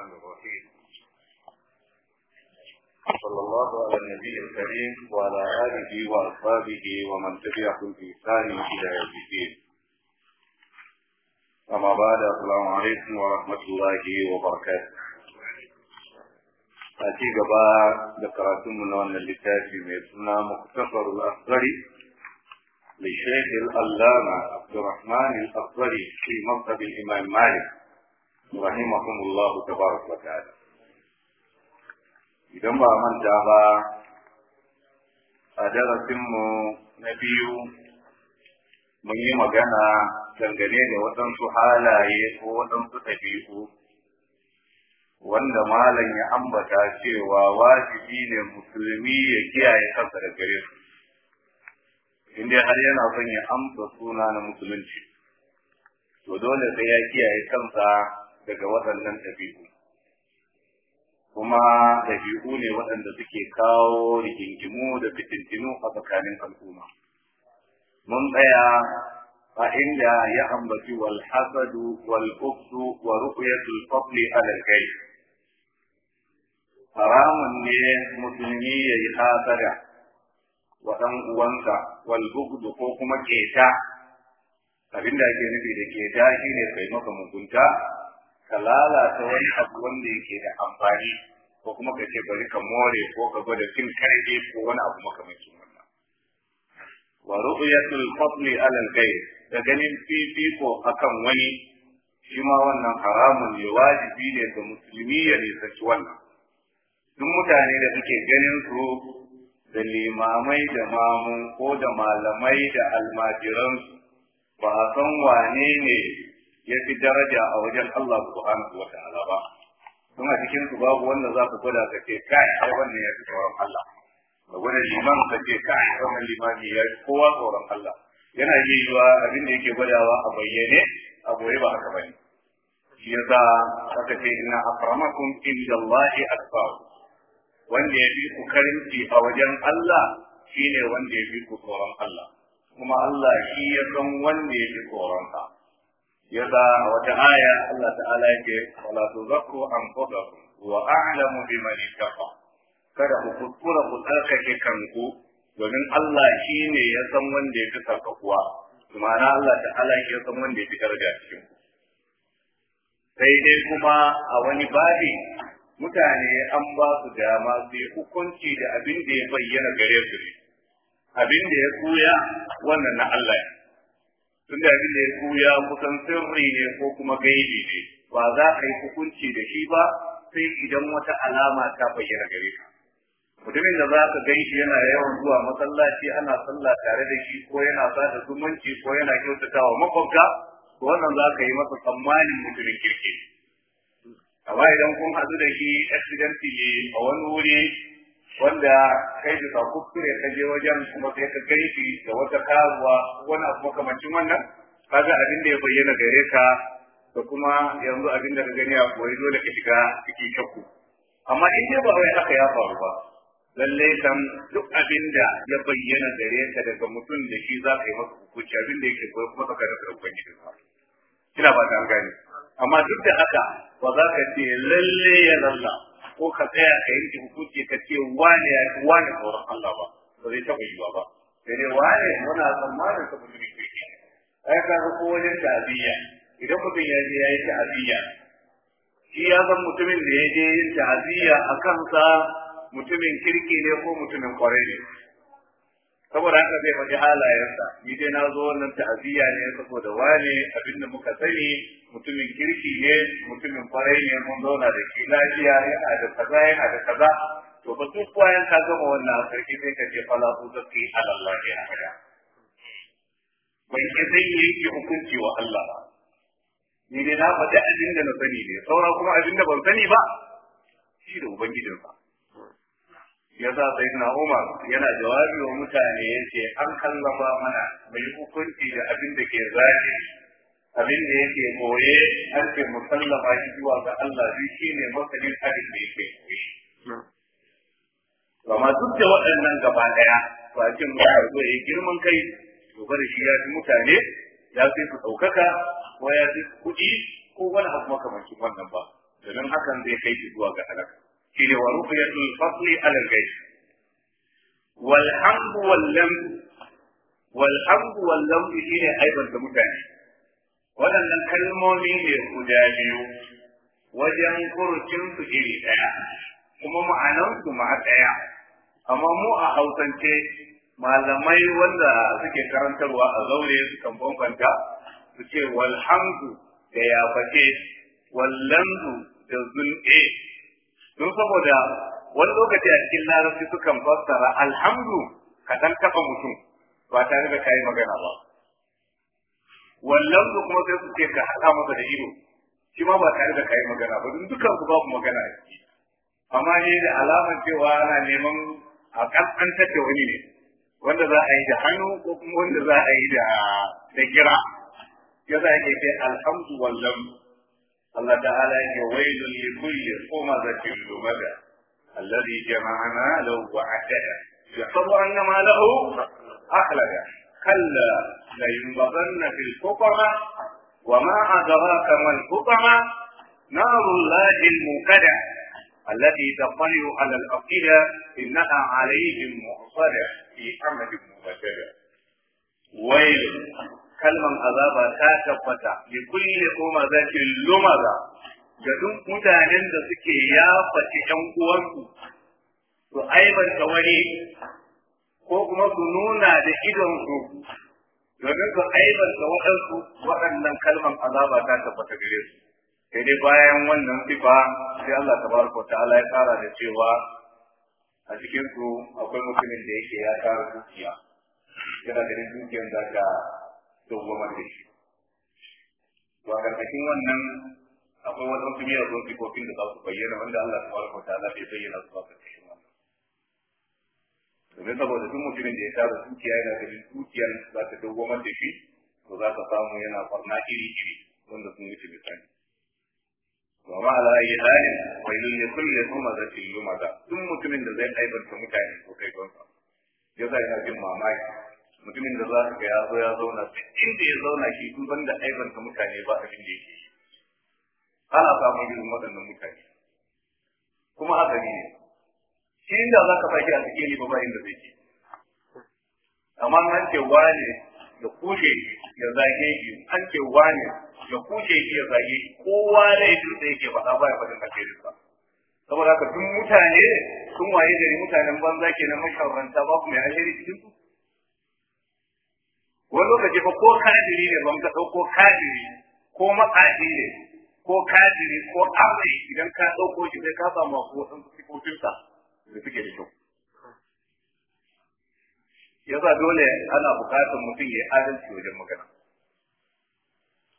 الرحمن الرحيم صلى الله على النبي الكريم وعلى آله وأصحابه ومن تبعهم بإحسان إلى يوم الدين أما بعد السلام عليكم ورحمة الله وبركاته أتي جبا ذكرتم من أن اللتاج ميسنا مختصر الأخضري لشيخ الألامة عبد الرحمن الأخضري في مكتب الإمام مالك rahimahumullahu tabaraka wa ta'ala idan ba manta ba a darasinmu na biyu mun yi magana dangane da waɗansu halaye ko waɗansu ɗabi'u wanda malam ya ambata cewa wajibi ne musulmi ya kiyaye kansa da gare su inda har yana son ya amsa suna na musulunci to dole sai ya kiyaye kansa daga waɗannan ɗabi'u kuma ɗabi'u ne waɗanda suke kawo rigingimu da fitintinu a tsakanin al'umma mun tsaya a inda ya ambaci wal hasadu wal wa ruqyatul fadli ala al haramun ne musulmi yi hasada wa dan uwansa wal ko kuma keta abinda ake nufi da keta shine kai maka mugunta ka lalata wani abu wanda yake da amfani ko kuma ka ce bari ka more ko ka gwada cin karfe ko wani abu makamancin wannan wa ru'yatul fadli ala ghayr da ganin fifiko akan wani shi ma wannan haramun ne wajibi ne ga musulmi ya nisanci wannan duk mutane da suke ganin su da limamai da mamun ko da malamai da almajiransu ba a san wane ne ya fi daraja a wajen Allah subhanahu wa ta'ala ba kuma cikin su babu wanda za ku gwada ka ce kai ai wannan ya fi tsoron Allah da gwada liman ka ce kai wannan limami ya fi kowa tsoron Allah yana iya yiwa abin da yake gwadawa a bayyane a goye ba haka bane shi yasa aka ce inna akramakum inda Allahi atqakum wanda ya fi ku karinci a wajen Allah shine wanda ya fi ku tsoron Allah kuma Allah shi ya san wanda ya fi tsoron sa yasa a wata aya Allah ta'ala yake wala tuzakku anfusakum wa a'lamu biman ittaqa kada ku kuskura ku tsarkake kanku domin Allah shi ne ya san wanda ya fi sarkakuwa kuma na Allah ta'ala shi ya san wanda ya fi daraja cikin ku sai dai kuma a wani babi mutane an ba su dama su yi hukunci da abin da ya bayyana gare su abin da ya tsuya wannan na Allah ne tun da abin da ya kuya kusan sirri ne ko kuma gaibi ne ba za a yi hukunci da shi ba sai idan wata alama ta bayyana gare ka mutumin da za ka gan shi yana yawan zuwa masallaci ana sallah tare da shi ko yana sada zumunci ko yana kyautatawa makwabta wannan za ka yi masa tsammanin mutumin kirki amma idan kun haɗu da shi accident ne a wani wuri wanda kai ka kuskure ka je wajen kuma sai ka kai shi da wata karuwa wani abu makamancin wannan kaga abin da ya bayyana gare ka da kuma yanzu abin da ka gani a koyi dole ka shiga cikin shakku amma in dai ba wai haka ya faru ba lalle kan duk abin da ya bayyana gare ka daga mutum da shi za ka yi masa hukunci abin da yake koyi kuma ka rasa shi ba kina ba ta gani. amma duk da haka ba za ka ce lalle ya lalla ko ka tsaya ka yanke hukunci ka ce wane ya fi wane sauran Allah ba ba zai taɓa yiwa ba sai dai wane muna tsammanin ta mutum ke ke ai ka ga ko wajen idan mutum ya je ya yi ta'aziyya shi ya san mutumin da ya je yin ta'aziyya a kansa mutumin kirki ne ko mutumin kwarai ne saboda haka zai faɗi halayensa ni dai na zo wannan ta'aziyya ne saboda wane abin da muka sani mutumin kirki ne mutumin farai ne mun zauna da ke lafiya yana da kaza yana da kaza to ba duk bayan ka gama wannan sarki sai ka je fala ku zaki alallah ne a kada ban ke zai hukunci wa Allah ba ni dai na faɗi abinda na sani ne saura kuma abinda ban sani ba shi da ubangijinsa yasa sayyidina Umar yana jawabi wa mutane yace an kallafa mana mai hukunci da abin da ke zaki abin da yake boye har ke musallama shi zuwa ga Allah shi shine masalin abin da yake boye amma duk da waɗannan gaba ɗaya ba ce mutum zo ya girman kai to bari shi ya fi mutane ya fi su ɗaukaka ko ya fi kuɗi ko wani abu makamancin wannan ba domin hakan zai kai shi zuwa ga halaka shine wa ru'yatul fadli ala al-ghayb wal hamd shine aiban da mutane waɗannan kalmomi ne guda biyu wajen furucin su iri ɗaya kuma ma'anar su ma ɗaya amma mu a hausance malamai wanda suke karantarwa a zaure sukan bambanta su walhamdu da yaface wallandu da zun'e don saboda wani lokaci a cikin larabci sukan fassara alhamdu ka dan taba mutum ba tare da kayi magana ba wallan kuma sai su ce ka haɗa masa da ido shi ma ba tare da kayi magana ba don dukan su babu magana a ciki amma ne da alamar cewa ana neman a kaskantar da wani ne wanda za a yi da hannu ko kuma wanda za a yi da da kira ya za a alhamdu wallan الله تعالى يويل لكل قمزة لمدى الذي جمع ماله وعتاه يحفظ أن ماله أخلد كلا لينبغن في الحطمة وما أدراك ما الحطمة نار الله الموكدة التي تطلع على الأفئدة إنها عليهم مؤصدة في أمد مؤكدة ويل kalman azaba ta tabbata bi kulli kuma zaki lumaza ga duk mutanen da suke yafaci yan uwansu su aibanta wani ko kuma su nuna da idonsu domin su aibanta waɗansu waɗannan kalman azaba ta tabbata gare su sai dai bayan wannan sifa sai Allah tabaraka ta'ala ya fara da cewa a cikin su akwai mutumin da yake ya kara dukiya yana ganin dukiyar da dawwamar shi to a ƙarƙashin wannan akwai wasu wasu miyagun sifofin da za su bayyana wanda Allah subhanahu wa ta bai bayyana su a ƙarƙashin wannan domin saboda duk mutumin da ya tara dukiya yana ganin dukiyar za ta dawwamar da shi to za ka samu yana farna iri iri wanda sun wuce misali وما yi أي حال ويل da zai يمزة ta mutane ko kai متعني وكيف ya يزا إلى jin mamaki. mutumin da za ka ya zo ya zauna duk inda ya zauna shi duk banda aibanta mutane ba abin da yake ana samun irin waɗannan mutane kuma haka ne shi inda za ka sake a cikin ba ba inda zai ke amma an ce wane ya kushe shi ya zage shi an ce wane ya kushe shi ya zage shi kowa laifin da yake faɗa ba ya faɗin alherin ba saboda haka duk mutane sun waye gari mutanen banza kenan mashawaranta ba ku ya alheri cikin su wani lokaci fa ko kadiri ne ban ta dauko kadiri ko matsafi ne ko kadiri ko amai idan ka ɗauko shi sai ka samu wasu sifofinsa da suke da kyau yasa dole ana buƙatar mutum ya adalci wajen magana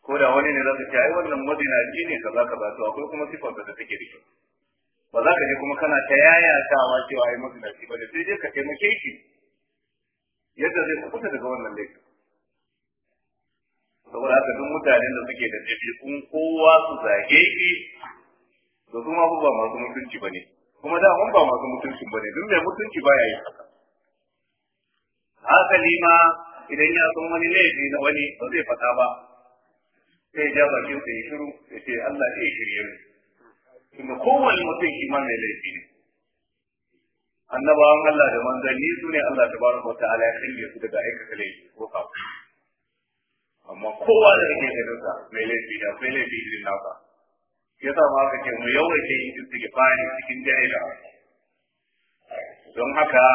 ko da wani ne za su ce ai wannan mazinaci ne kaza kaza to akwai kuma sifar da take da kyau ba za ka je kuma kana ta yaya yayatawa cewa madina mazinaci ba da sai dai ka taimake shi yadda zai kuɓuta daga wannan laifin saboda haka duk mutanen da suke da ɗabi'un kowa su zage shi to su ma ba masu mutunci ba ne kuma da mun ba masu mutunci ba ne duk mai mutunci ba ya yi haka haka ma idan ya san wani laifi na wani ba zai faɗa ba sai ya ba shi sai shiru ya ce Allah zai shirye mu Kuma kowanne mutum shi ma mai laifi ne annabawan Allah da manzanni su ne Allah tabaraka wa ta'ala ya shirye su daga aikata laifi ko kafin amma kowa da ke ganin sa mai laifi da akwai laifi na irin nasa yasa ma aka ce mu yawaita yin istighfari cikin jahila don haka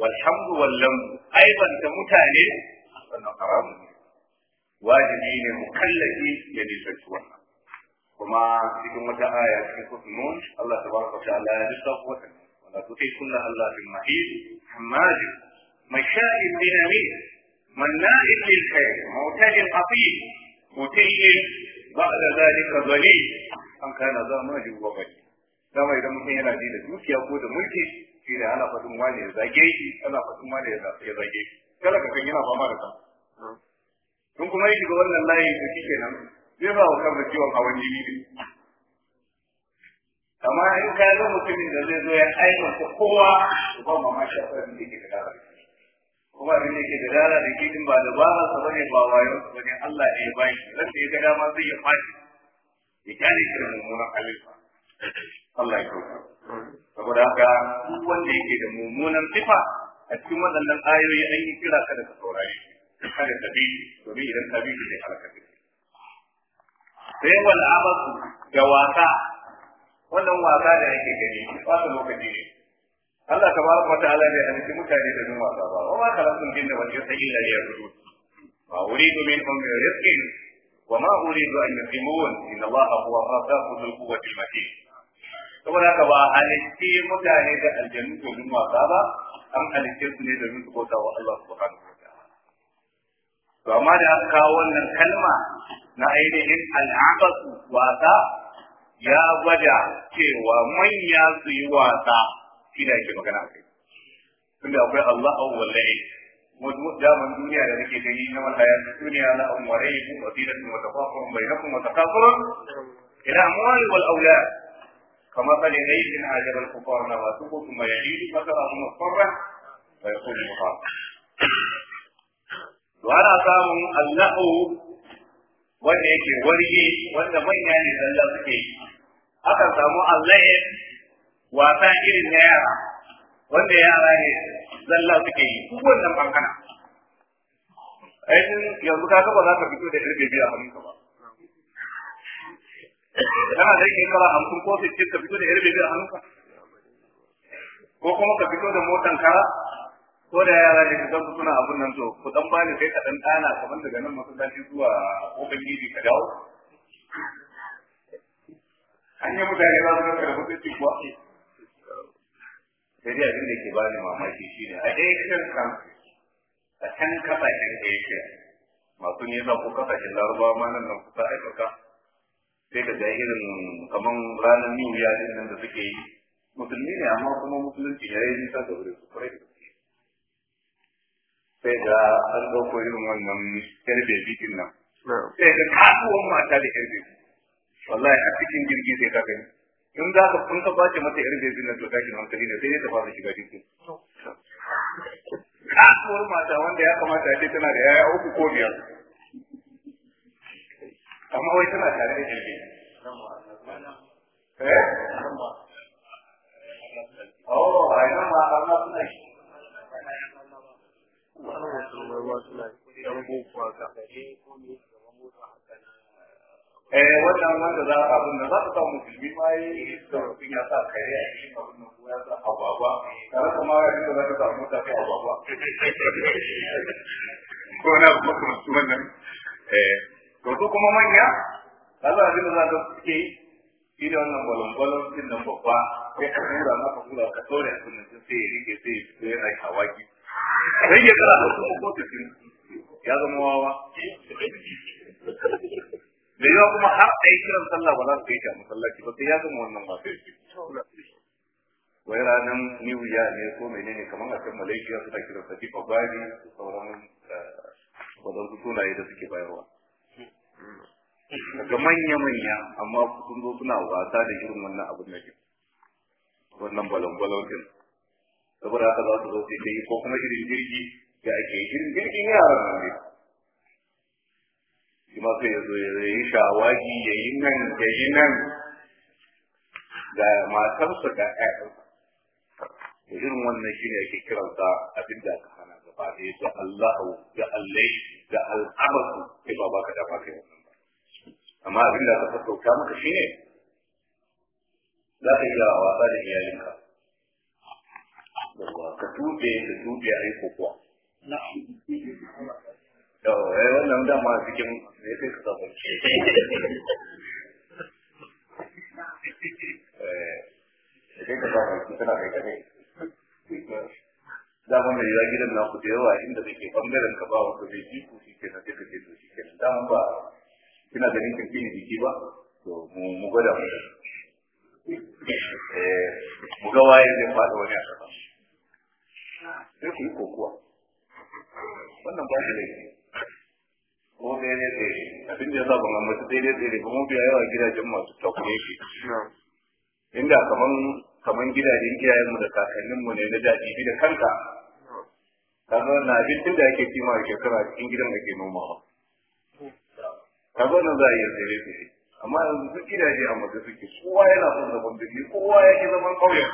walhamdu wallam aibanta mutane sannan haram wajibi ne mu mukallafi ya nisanci wannan kuma cikin wata aya cikin kusurun Allah ta baraka ta Allah ya nisa wata wanda tutai kunna Allah bin mahid hamadi mashayin bin amin مناع للخير معتاد عظيم متين بعد ذلك ظليل an kana za ma ji wa bai dama idan mutum yana ji da dukiya ko da mulki shi ana fadin wani ya zage ana fadin wani ya zage shi kada yana fama da ka kun kuma yi shiga wannan layi to shikenan zai ba wa kansa ciwon hawan jini ne amma in ka zo mutumin da zai zo ya aika kowa ba mamaki a kan da yake da kare kuma abin da yake da dara da ke ba da ba sa bane ba wayo bane Allah ne ya bashi ran da ya ga dama zai ya fashi ya kare shi da mummunan halitta Allah ya kauta saboda haka duk wanda yake da mummunan sifa a cikin waɗannan ayoyi an yi kira kada ka saurari, kada ka bi domin idan ka bi shi zai halaka ka sai wal abasu da wasa wannan wasa da yake gani ba su lokaci ne Allah baraka wa ta'ala bai halitta mutane da duma ba wa ma khalaqul jinna wal insa illa liya'budun ma uridu minhum min rizqin wa ma uridu an yuqimun inna Allaha huwa razzaqul quwwatil matin saboda haka ba halitti mutane da aljannu domin wasa ba an halitte su ne domin su ta wa Allah subhanahu wa ta'ala to amma da aka kawo wannan kalma na ainihin al'aqatu wasa ya gwada cewa manya su yi wasa shi ne yake magana a kai tunda akwai Allah a wallahi wato daman duniya da nake gani na wallahi duniya la an warai bu wasilat wa tafaqurun bainakum wa takafurun ila amwal wal awlad kama qala ghayb in ajaba al kufar nawatuhu thumma yajidu a musfarra wa yaqulu mukhaf to ana samun allahu wanda yake warge wanda manya ne zalla suke yi akan samu allah wasa irin na yara wanda yara ne zalla suke yi duk wannan bankana ainihin yanzu ka ba za ka fito da irin bebiya a hannunka ba kana da kala hamsin ko sittin ka fito da irin bebiya a hannunka ko kuma ka fito da motan kara ko da yara ne ka zanku suna abun nan to ku dan bani kai ka dan dana kamar daga nan masallaci zuwa kofin gidi ka dawo an yi mutane za su karɓi kuwa sai dai abin da ke ba ni mamaki shi ne a ɗaya kan a can kasashen asia masu nisa ko kasashen larabawa ma nan nan kusa afirka sai ka ga irin kaman ranar new year din nan da suke yi musulmi ne amma kuma musulunci ya yi nisa da wuri su kwarai sai ga an ɗauko irin wannan yar bikin nan sai ga kasuwan mata da yar bebi wallahi a cikin jirgi sai ka gani in za ka kun ka kwace mata irin da zina to tashin hankali ne sai dai ta fara shiga jiki kasuwar mata wanda ya kamata ya ce tana da yaya uku ko biyar amma wai tana tare da jirgi eh? oh ai nan ma amma suna shi boko eh wannan wanda za a abin da za ta samu musulmi ma yi da eh, mutum ya sa kare a cikin abin da kuma ya sa agwagwa tare da ma yadda za ta samu mutane ko na kuma kuma su wannan eh to su kuma manya Allah da ta suke yi shi da wannan balon-balon nan babba ka tura maka kula ka tsore sai ya rike sai ya hawaki sai ya da su ya zama wawa mata kuma har a yi kiran sallah ba za su yi ta masallaci ba sai ya zama wannan masu yake wai ranar new year ne ko menene kamar a kan malaysia suna kiran sa fifa bari da sauran eh, su sunaye da suke bayarwa daga manya-manya amma sun zo suna wasa da irin wannan abin da ke wannan balon-balon din saboda haka za su zo sai ko kuma irin jirgi da ake irin jirgin yaran ne maka ya zo ya yi shawagi ya yi nan ya yi nan da matarsa da ƴaƴansa da irin wannan shi ne ake kiransa abin da aka hana gaba ɗaya da Allah da Allah da al'abatu sai ba baka dama kai wannan ba amma abin da aka sassauta maka shi ne za ka iya wasa da iyalinka ka tuɓe da tuɓe a yi kokowa yawai eh, wannan dama cikin ne eh, sai ka samu ke sai ka samu ke tana kai yiwa gidan na ku da yawa inda kake bangaren ka ba wanda bai ji ku shike na duka ce to shike na dama ba kina ganin kin kini jiki ba to mu gwada mu eh mu ga waye zai faɗa wani a sama sai ku yi kokuwa wannan ba shi laifi ko ɗaya ne tsere abin da ya sa ban ambaci ɗaya ne tsere kuma biya yawa gidajen masu takure shi inda kaman kaman gidajen iyayenmu da kakanninmu ne na daji da kanka kaga na abincin da ake kima a shekara cikin gidan da ke nomawa kaga na za a iya tsere tsere amma yanzu duk gidaje a mace suke kowa yana son zaman birni kowa ya ke zaman ƙauyen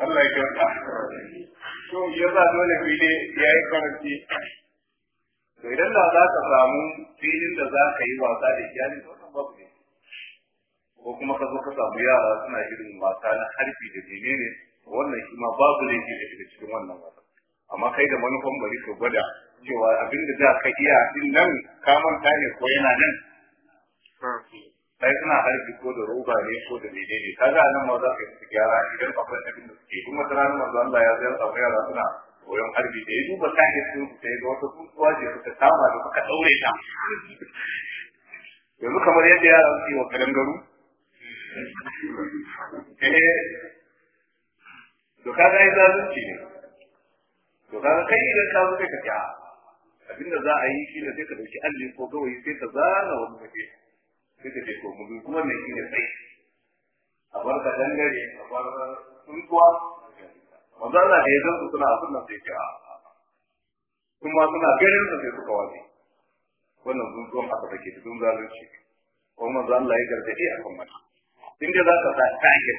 Allah ya kyauta. To, ya za dole fili ya yi karanci to idan da za ka samu filin da za ka yi wasa da iyali da kan babu ne ko kuma ka zo ka samu yara suna irin wasa na harfi da menene wannan shi ma babu ne ke daga cikin wannan wasa amma kai da manufan bari ka gwada cewa abin da za ka iya din nan ka manta ne ko yana nan kai suna harfi ko da roba ne ko da menene kaga nan ma za ka yi gyara idan akwai abin da suke kuma tsaron manzo Allah ya zai samu yara suna koyon harbi da ya duba kayan su sai ga wata da ya suka kama da suka daure ta yanzu kamar yadda ya su yi wa kadangaru eh, to kaga ai zalunci ne to kaga kai idan ka zo ka ci ah, abinda za a yi shi ne sai ka dauki alli ko gawayi sai ka zana wani kaje sai ka ce ko mu kuma ne sai a bar ka dangare a bar tsuntsuwa wanda na da yanzu suna abin nan sai ke a kuma suna ganin su sai suka waje wannan zuwan haka da ke cikin zalunci kuma manzo Allah ya gargaɗe a kan mata in dai za ka sa target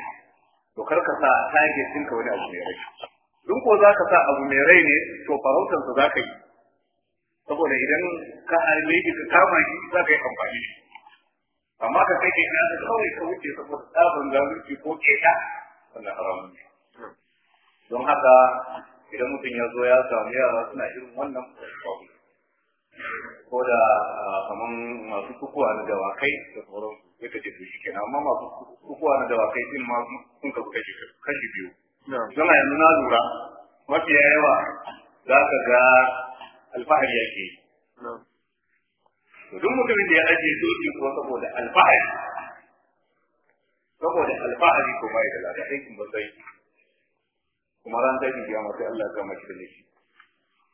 to kar ka sa target ka wani abu mai rai duk ko za ka sa abu mai rai ne to farautansa za ka yi saboda idan ka harbe shi ka kama shi za ka yi amfani da shi amma ka kai ke ina da kawai ka wuce saboda tsabar zalunci ko keta wannan haramun ne don haka idan mutum ya zo ya samu yara suna irin wannan ko da kaman masu kukuwa na dawakai da sauran ya kace to shi kenan amma masu kukuwa na dawakai din ma sun kasu kashi kashi biyu don a yanzu na lura mafi yawa za ka ga alfahari ya ke. duk mutumin da ya ajiye doki ko saboda alfahari saboda alfahari ko bai da lafiya aikin ba sai kuma ran tashin kiyama sai Allah ya kama shi da laifi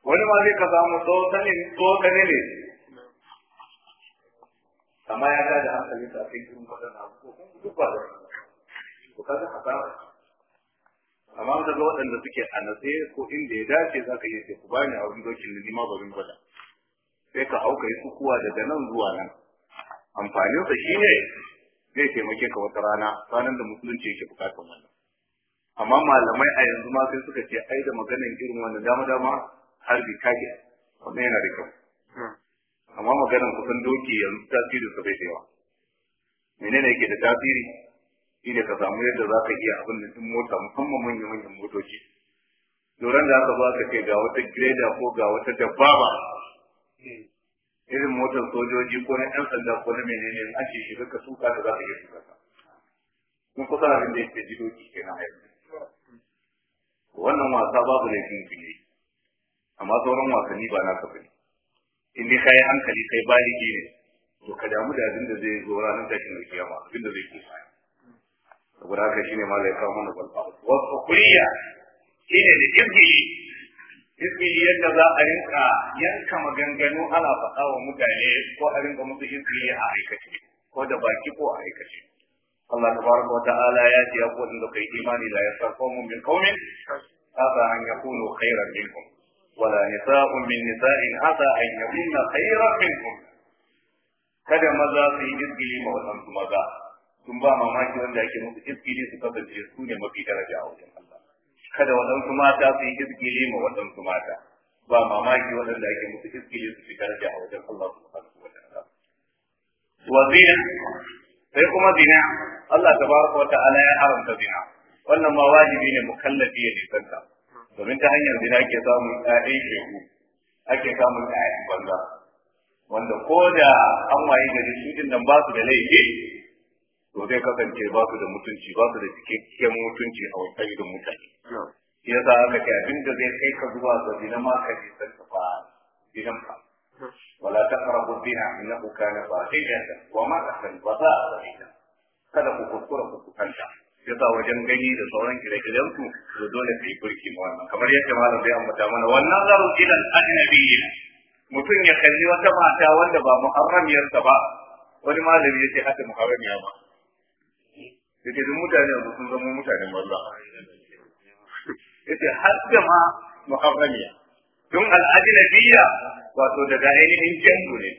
wani ma zai ka samu tsokanin tsokane ne amma ya ga da hankali ta sai kun faɗa na duk ba da ku kaga hasara amma da ga waɗanda suke a natse ko inda ya dace za ka iya ce ku bani a wurin dokin da nima barin gwada sai ka hau ka yi sukuwa daga nan zuwa nan amfaninsa shi ne zai taimake ka wata rana ranar da musulunci yake bukatar wannan amma malamai a yanzu ma sai suka ce ai da maganan irin wannan dama dama har bi kage wannan yana da kyau amma maganan kusan doki yanzu tasirin sa bai da yawa menene yake da tasiri ne ka samu yadda za ka iya abin da mota musamman manyan manyan motoci doron da aka ba ka kai ga wata greda ko ga wata dabbaba irin motar sojoji ko na yan sanda ko na menene an ce shi ka suka da za ka iya ka. kun kusa abin da yake ji doki kenan a yanzu wannan wasa babu laifin mutum yayi amma sauran wasanni ba na bane in dai kai hankali kai baligi ne to ka damu da abin da zai zo ranar tashin alkiyama abin da zai ke bayan saboda haka shine ma zai kawo mana balfa kuriya shine da izgili izgili yadda za a rinka yanka maganganu ana faɗa wa mutane ko a rinka musu izgili a aikace ko da baki ko a aikace Allah tabaraka wa ta'ala ya ce ya kodin da kai imani la yasarqumu min qaumin asa an yakunu khairan minkum wala nisa'un min nisa'in asa an yakunna khairan minkum kada maza su yi izgili ma wasansu maza sun ba mamaki wanda ake musu izgili su kasance su ne mafi daraja a wajen Allah kada waɗansu mata su yi izgili ma waɗansu mata ba mamaki wanda ake musu izgili su fi daraja a wajen Allah subhanahu wa ta'ala wazir sai kuma zina Allah ta wata'ala ya haramta zina wannan ma wajibi ne mukallafi ya nisanta domin ta hanyar zina ake samun ƴaƴan shehu ake samun ƴaƴan banza wanda ko da an waye gari su din nan ba su da laifi to zai kasance ba su da mutunci ba su da cikakken mutunci a wata idon mutane shi yasa aka ce abinda zai kai ka zuwa ga zina ma ka nisanta ba zinan ba ولا تقربوا الزنا انه كان فاحشة ومقتا وساء سبيلا kada ku kuskura ku kusanta yasa wajen gani da sauran gida-gidan ku da dole yi burki ma wannan kamar yadda malam bai ambata mana wannan zaru ilan ajnabiyyin mutum ya kalli wata mata wanda ba muharramiyarsa ba wani malami yace haka muharramiya ba yace duk mutane yanzu sun zama mutanen banza yace har da ma muharramiya don biya, wato daga ainihin jango ne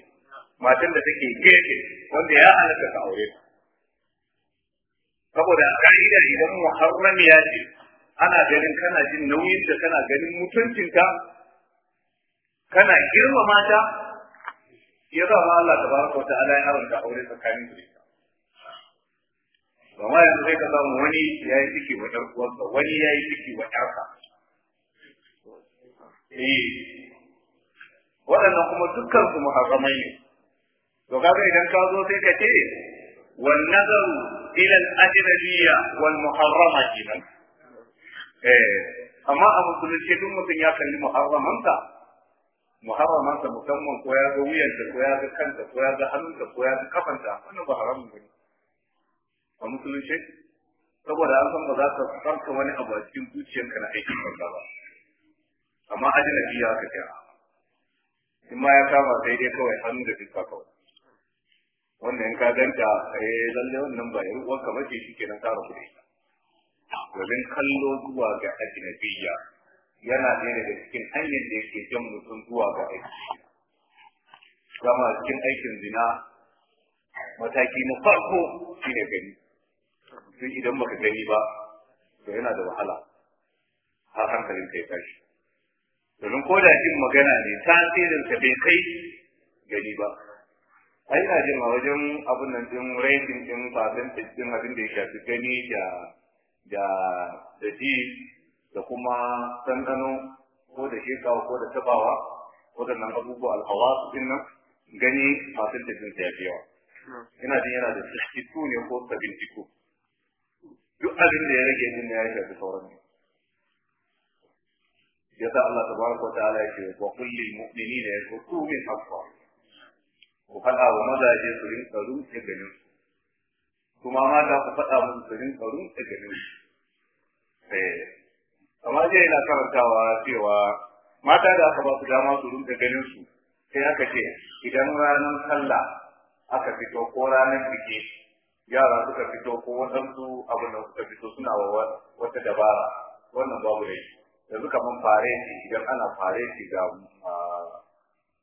matan da take gefe wanda ya halatta ka aure saboda ka'ida idan muharram ya ce ana ganin kana jin nauyin da kana ganin mutuncinka kana girmama ta ya zama Allah tabaraka wa ta'ala ya haramta aure tsakanin su ba ma yanzu sai ka samu wani ya yi ciki wa ɗan uwansa wani ya yi ciki wa eh waɗannan kuma dukkan su muharramai ne to kaga idan ka zo sai ka ce wan nazaru ila al ajnabiyya wal muharrama kinan eh amma a musulunci duk mutum ya kalli muharramansa muharramansa musamman ko ya ga wuyanta ko ya ga kanta ko ya ga hannunta ko ya ga kafanta wannan ba haramun bane a musulunci saboda an san ba za ka farka wani abu a cikin zuciyarka na aikin ba amma ajnabi ya ka kira in ma ya kama sai dai kawai hannu da fuska kawai wannan in ka ganta eh lalle wannan ba yar uwarka bace shi ke rabu da ita domin kallo zuwa ga ajnabiya yana ɗaya da cikin hanyar da yake jan mutum zuwa ga aiki zama cikin aikin zina mataki na farko shi ne gani sun idan baka gani ba to yana da wahala har hankalin kai tashi domin ko da jin magana ne tasirin ta bai kai gari ba ai ina jin a wajen abin nan din rating din percentage din abin da ya shafi gani da da da ji da kuma dandano ko da shekawa ko da tabawa waɗannan abubuwa alhawasu din nan gani percentage din ta yafi yawa ina jin yana da 62 ne ko 72 duk abin da ya rage din ya shafi sauran ne yasa Allah tabaraka wa ta'ala yake wa kullil mu'minina yaqutu min aqwa ku faɗa wa mazaje su karu rumfe ganin su kuma mata ku faɗa musu su karu rumfe ganin su kamar eh, dai yana karantawa cewa mata da aka ba su dama su rumfe ganin su sai aka ce idan ranar sallah aka fito ko ranar biki yara suka fito ko wadansu abin da suka fito suna wa wata dabara wannan babu laifi yanzu kamar fareti idan ana fareti ga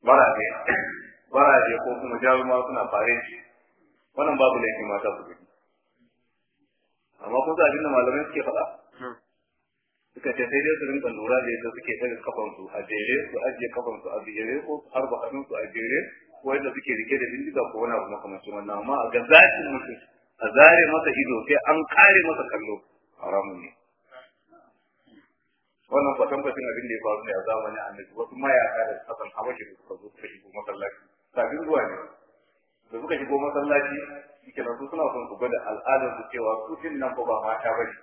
barade barade ko kuma jaruma suna fareti wannan babu laifi mata su gudu amma kun sa abinda malamai suke faɗa hmm. suka ce sai dai su rinka lura da yadda suke ɗaga kafansu a jere su ajiye kafansu a jere ko harba su a jere ko yadda suke rike da bindiga ko wani abu makamancin wannan amma a ga zakin mutum a zare masa ido sai an kare masa kallo haramun ne wannan kwatankwacin abin da ya faru ne a zamanin annabi wasu mayaka da kasan habashi da suka zo suka shigo masallaci sabin zuwa ne da suka shigo masallaci suke nan suna son su gwada al'adar su cewa su din nan ko ba mata ba ne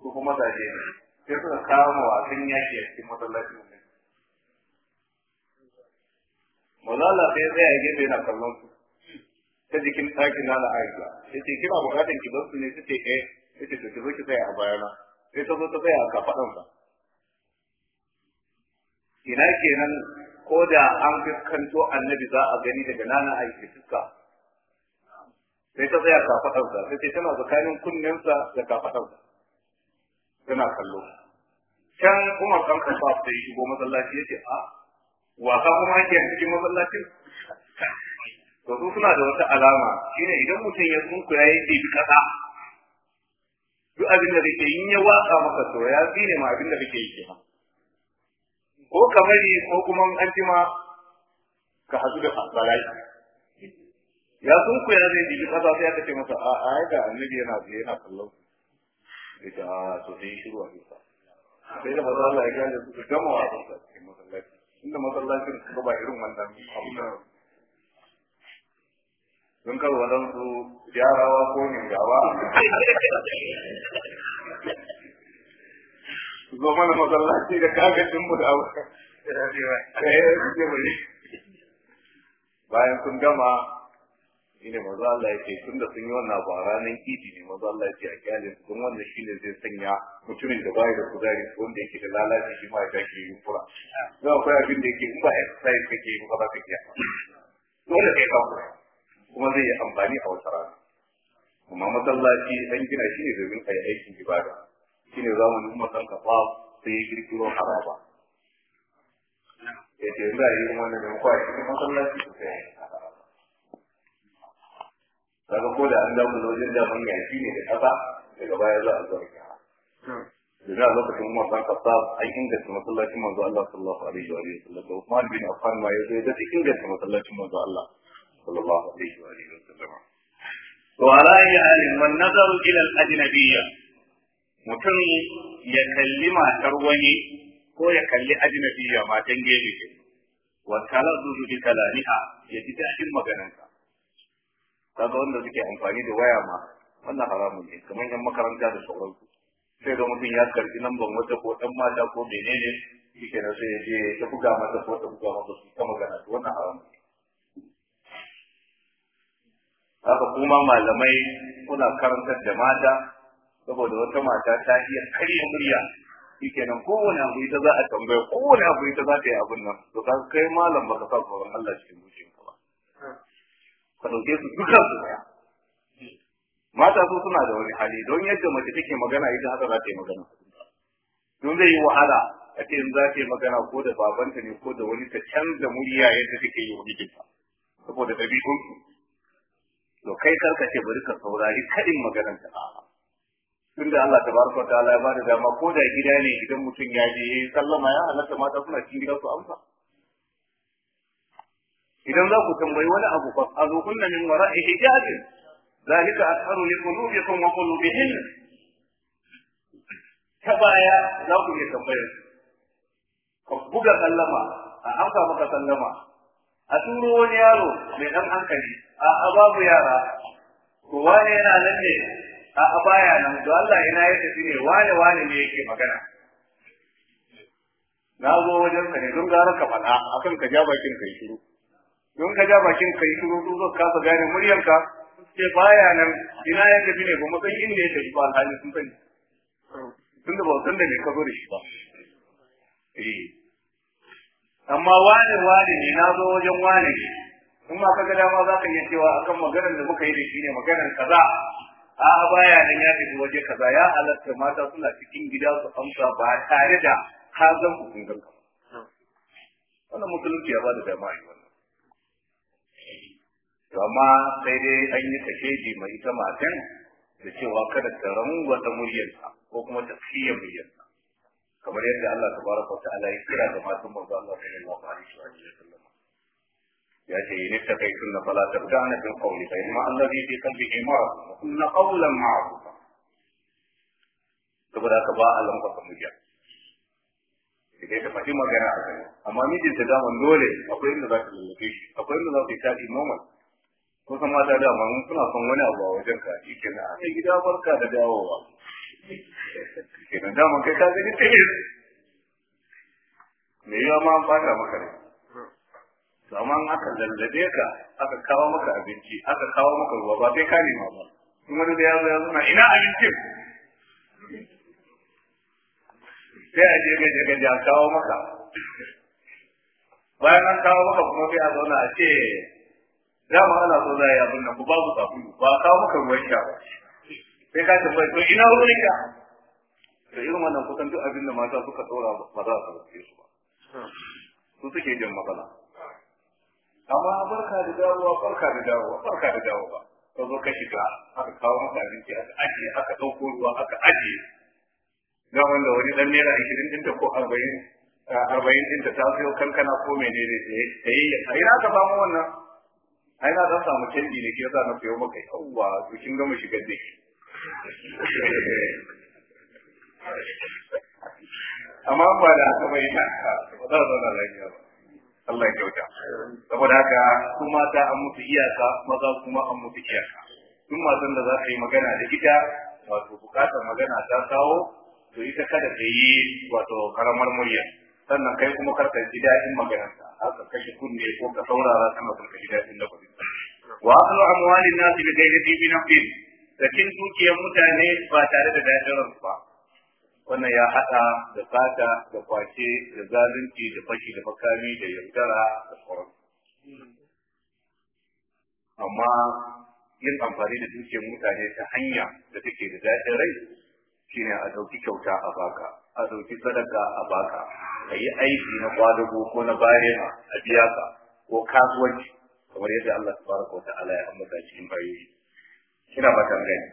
su kuma mazaje ne sai suka kama wasan yaki a cikin masallaci ne Malala sai zai yi gefe na kallon su ta jikin ɗakin na Aisha ya ce kina bukatan ki don su ne su ce eh ya ce to ki zo ki tsaya a bayana sai ta zo ta tsaya a kafaɗansa ina kenan ko da an fuskanto annabi za a gani daga nana aiki fuska sai ta tsaya kafaɗarsa sai ta tana tsakanin sa da kafaɗarsa tana kallo can kuma kan kafa ta yi shigo masallaci yace a ah, wasa kuma ake cikin masallacin to su suna da wata alama shine idan mutum ya tsunku ya yi bi ƙasa duk abin da kake yin ya watsa maka to ya ne ma abin da kake yi kenan ko kamari ko kuma an jima ka hadu da bala'i ya sun ku ya zai dibi kasa sai aka ce masa a a ga annabi yana zai yana kallon ya ce a to sai yi shiru a bisa sai da maza ya gane su gama wa a cikin masallaci inda masallacin su ba irin wannan abin don kar waɗansu yarawa ko min gaba zo mana masallaci da kaga mu da abu bayan sun gama ne maza Allah ya ce tun da sun yi wannan ba ranar idi ne maza Allah ya ce a kyale su don wannan ne zai sanya mutumin da bayan da kuzari wanda yake da lalace shi ma ya tashi yi kura don akwai abin da yake ba exercise kake yi ba za ka kiya dole kai ka kura kuma zai yi amfani a wata rana amma masallaci an gina shi ne domin a yi aikin ibada shine zamanin Umar dan Khattab sai ya kirkiro haraba ya ce za a yi wannan da kwa shi masallaci su sai kaga ko da an damu wajen da ban yaki ne da kasa daga baya za a zarga da lokacin Umar dan Khattab an inganta masallacin manzo Allah sallallahu alaihi wa sallam da Uthman bin Affan ma yazo da inganta masallacin manzo Allah sallallahu alaihi wa sallam to ala ya alim man nazar ila al-ajnabiyya mutum ya kalli matar wani ko ya kalli ajnabiya matan gefe ce wa talazu bi kalaniha ya ji dadin Ka kaga wanda suke amfani da waya ma wannan haramun ne kamar yan makaranta da sauransu sai ga mutum ya karbi lambar wata ko dan mata ko menene shi ke sai ya je ya buga mata ko ta buga mata su ta magana wannan haramun haka kuma malamai kuna karantar da mata saboda wata mata ta iya karya murya ko kowane abu ita za a tambaya kowane abu ita za ta yi abin nan to kaga kai malam baka sa tsoron Allah cikin ka ba ka dauke su duka su daya mata su suna da wani hali don yadda mace take magana ita haka za ta yi magana don zai yi wahala a ce in za ta yi magana ko da babanta ne ko da wani ta canza murya yadda take yi wa mijinta saboda ɗabi'unsu to kai karka ce bari ka saurari kaɗin maganarta a'a Tun da Allah tabaraka wa ta'ala ya bada dama ko da gida ne idan mutum ya je yi sallama ya halatta mata suna cikin gida su amsa idan za ku tambayi wani abu fa azukunna min wara'i hijabin zalika atharu li qulubikum wa qulubihin ta baya za ku iya tambayar ka buga sallama a amsa maka sallama a turo wani yaro mai dan hankali a babu yara kowa ne yana nan ne a baya nan to Allah ina ya tafi ne wane wane ne yake magana na zo wajen ka ne don gara ka faɗa akan ka ja bakin kai shiru don ka ja bakin kai shiru su zo ka gane muryanka sai baya nan ina ya tafi ne kuma san inda ya tafi ba halin sun sani tun da ba san da me ka zo da shi ba eh amma wane wane ne na zo wajen wane ne kuma ma ka ga dama za ka iya cewa akan maganar da muka yi da shi ne maganar kaza a baya nan ya tafi waje kaza ya halatta mata suna cikin gida su amsa ba tare da ka zan ku wannan musulunci ya bada dama yi wannan to amma sai dai an yi ji mai ita matan da cewa kada ta rangwata muryarsa ko kuma ta fiye muryarsa kamar yadda Allah tabaraka wa ta'ala ya kira da matan manzo Allah sallallahu alaihi wa sallam ya ce yi nita kai tunna fala tabda'na bil qawli fa imma allazi fi qalbihi marad wa kunna qawlan Allah sai ta magana a gani. amma mijinta daman dole akwai inda za ka lallabe shi akwai inda za ka yi taɗi normal kusan mata dama mun suna son wani abu a wajen ka shi ke nan a gida barka da dawowa ke daman kai ka gani ta yi me yawa ma an fata maka ne to amma aka lallabe ka aka kawo maka abinci aka kawo maka ruwa ba sai ka nema ba kuma da ya zo ya zo na ina abinci? sai a je gaje gaje a kawo maka bayan an kawo maka kuma sai a zauna a ce dama ana so za a yi abin nan ku babu sabulu ba a kawo maka ruwan sha ba sai ka tambaye to ina ruwan sha da irin wannan kusan duk abin da mata suka tsora ba za su su ba su suke jin matsala amma barka da dawowa barka da dawowa barka da dawowa ka zo ka shiga aka kawo maka abinci aka ajiye aka ɗauko ruwa aka ajiye ga wanda wani dan naira ashirin ɗinta ko arba'in arba'in ɗinta ta siyo kankana ko menene da eh, yi ya sai aka ka samu wannan ai na dan samu canji ne ke yasa na fiyo maka yawwa to kin ga mu shiga dai amma ba da aka bai ba za zauna lafiya ba Allah ya kyauta saboda haka su mata an mutu iyaka maza kuma an mutu iyaka duk matan da za ka yi magana da ita wato bukatar magana ta kawo to ita kada ta yi wato karamar murya sannan kai kuma karka ji daɗin magana ta. haka kashe kunne ko ka saurara kana son ka ji daɗin da kuɗi wa aslu amwalin nasi bi ghairi dinin da kin dukiyar mutane ba tare da dadin ba wannan ya haɗa da fata da kwace da zalunci da fashi da makami da yaudara da tsoron. amma yin amfani da dukiyar mutane ta hanya da take da daɗin rai shine a ɗauki kyauta a baka a ɗauki sadaka a baka a yi aiki na kwadago ko na barema a biya ka ko kasuwanci kamar yadda Allah Ta fara wa ta'ala ya ambata cikin bayoyi ina ba gani